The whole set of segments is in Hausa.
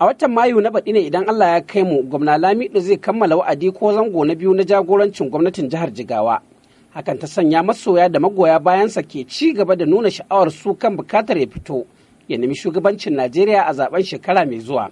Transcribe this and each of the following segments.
A watan Mayu na baɗi ne idan Allah ya kai mu gwamna Lamido zai kammala wa'adi ko zango na biyu na jagorancin gwamnatin jihar Jigawa. Hakan ta sanya masoya da magoya bayansa ke ci gaba da nuna sha'awar su kan bukatar ya fito ya nemi shugabancin Najeriya a zaben shekara mai zuwa.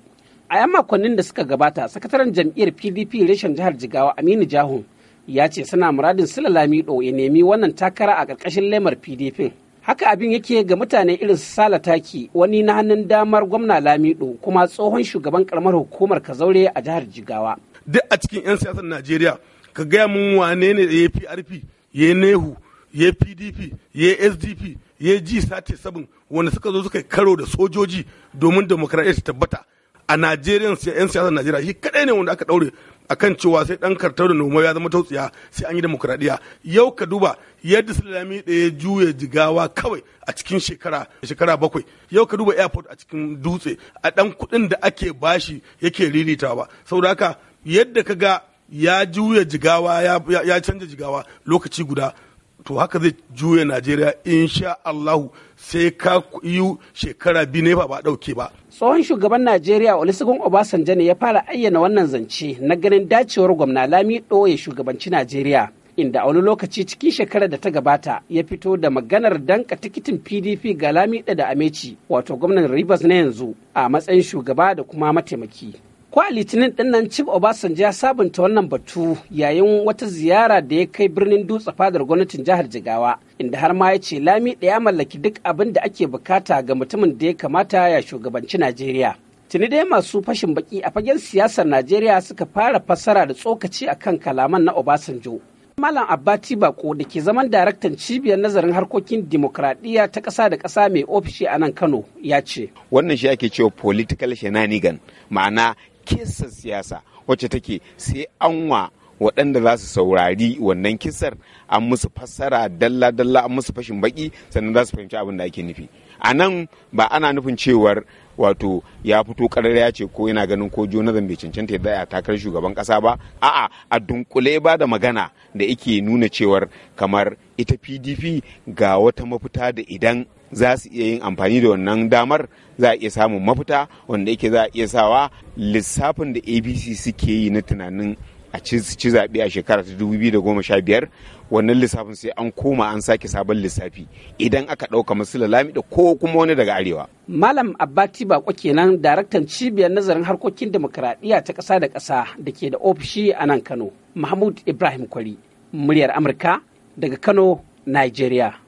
A yan makonnin da suka gabata, sakataren jam'iyyar PDP reshen jihar Jigawa Aminu Jahun ya ce suna muradin Sula Lamido ya nemi wannan takara a ƙarƙashin lemar PDP. Haka abin yake ga mutane irin Sala Taki wani na hannun damar gwamna Lamido kuma tsohon shugaban karamar hukumar Kazaure a jihar Jigawa. Duk a cikin 'yan siyasar Najeriya ka gaya mun wane ne ya PRP, ya Nehu, ya PDP, ya SDP, ya g sabin wanda suka zo suka karo da sojoji domin demokaradiyya ta tabbata. A Najeriya 'yan siyasar Najeriya shi kadai ne wanda aka daure akan cewa sai dan kartar da noma ya zama tautsiya sai an yi demokradiya yau ka duba yadda sulami da ya juya jigawa kawai a cikin shekara shekara bakwai yau ka duba airport a cikin dutse a dan kuɗin da ake bashi yake riritawa saboda haka yadda ka ga ya juya jigawa ya, canza jigawa lokaci guda to haka zai juya najeriya insha allahu sai ka yi shekara biyu ne ba ba dauke ba tsohon shugaban najeriya olusegun obasanjo ne ya fara ayyana wannan zance na ganin dacewar gwamna lami ya shugabanci najeriya inda a wani lokaci cikin shekarar da ta gabata ya fito da maganar danka tikitin pdp ga lami da ameci wato gwamnan rivers na yanzu a matsayin shugaba da kuma mataimaki kwa litinin din nan chief obasanjo ya sabunta wannan batu yayin wata ziyara da ya kai birnin dutse fadar gwamnatin jihar jigawa inda har ma ya ce lami ya mallaki duk abin da ake bukata ga mutumin da ya kamata ya shugabanci najeriya tuni dai masu fashin baki a fagen siyasar najeriya suka fara fassara da tsokaci akan kalaman na obasanjo Malam Abbati Bako da ke zaman daraktan cibiyar nazarin harkokin dimokuraɗiyya ta ƙasa da ƙasa mai ofishi a nan Kano ya ce. Wannan shi ake cewa political shenanigan ma'ana kisar siyasa wacce take sai an wa waɗanda za su saurari wannan kisar an musu fassara dalla-dalla an musu fashin baki sannan za su fahimci abin da ake nufi a nan ba ana nufin cewar wato ya fito karar ya ce ko yana ganin ko zan bai cancanta ya daya takarar shugaban kasa ba a'a a dunkule ba da magana da yake nuna cewar kamar ita pdp ga wata mafita da idan za su iya yin amfani da wannan damar za a iya samun mafita wanda yake za a iya sawa lissafin da abc suke yi na tunanin a ci zaɓe a shekara ta 2015 wannan lissafin sai an koma an sake sabon lissafi idan aka ɗauka masu lalami da ko kuma wani daga arewa. Malam Abbati Bako kenan daraktan cibiyar nazarin harkokin demokuraɗiyya ta ƙasa da ƙasa da ke da ofishi a nan Kano. Mahmud Ibrahim Kwari, muryar Amurka daga Kano, Nigeria.